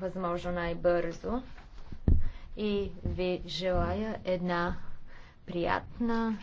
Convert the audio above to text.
възможно най-бързо и ви желая една приятна